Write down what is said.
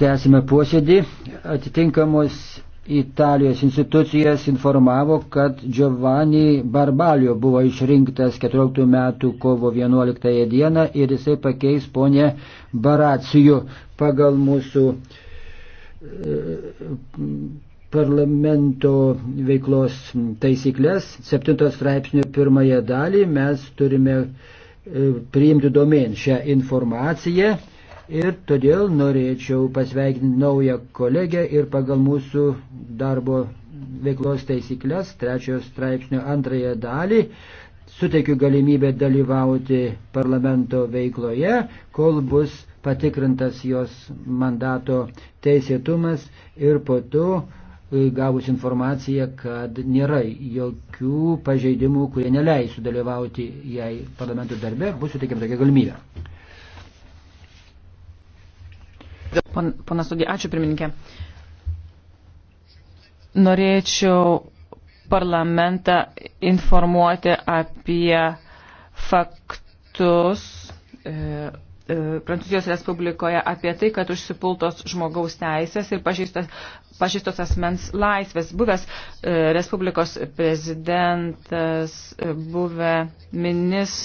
Tęsime posėdį. Atitinkamos Italijos institucijas informavo, kad Giovanni Barbalio buvo išrinktas 14 metų kovo 11 dieną ir jisai pakeis ponę Baracijų pagal mūsų e, parlamento veiklos taisyklės, 7 straipsnio pirmąją dalį mes turime E, priimti domen šią informaciją ir todėl norėčiau pasveikinti naują kolegę ir pagal mūsų darbo veiklos taisyklės, trečiojo straipsnio antrąją dalį, suteikiu galimybę dalyvauti parlamento veikloje, kol bus patikrintas jos mandato teisėtumas ir po to E, gavus informaciją, kad nėra jokių pažeidimų, kurie neleisų dalyvauti jai parlamento darbe, bus suteikiam tokia galimybė. Pon, Ponas Sudė, ačiū pirmininkė. Norėčiau parlamentą informuoti apie faktus e, e, Prancūzijos Respublikoje apie tai, kad užsipultos žmogaus teisės ir pažeistas pažįstos asmens laisvės. Buvęs e, Respublikos prezidentas, e, buvę ministras.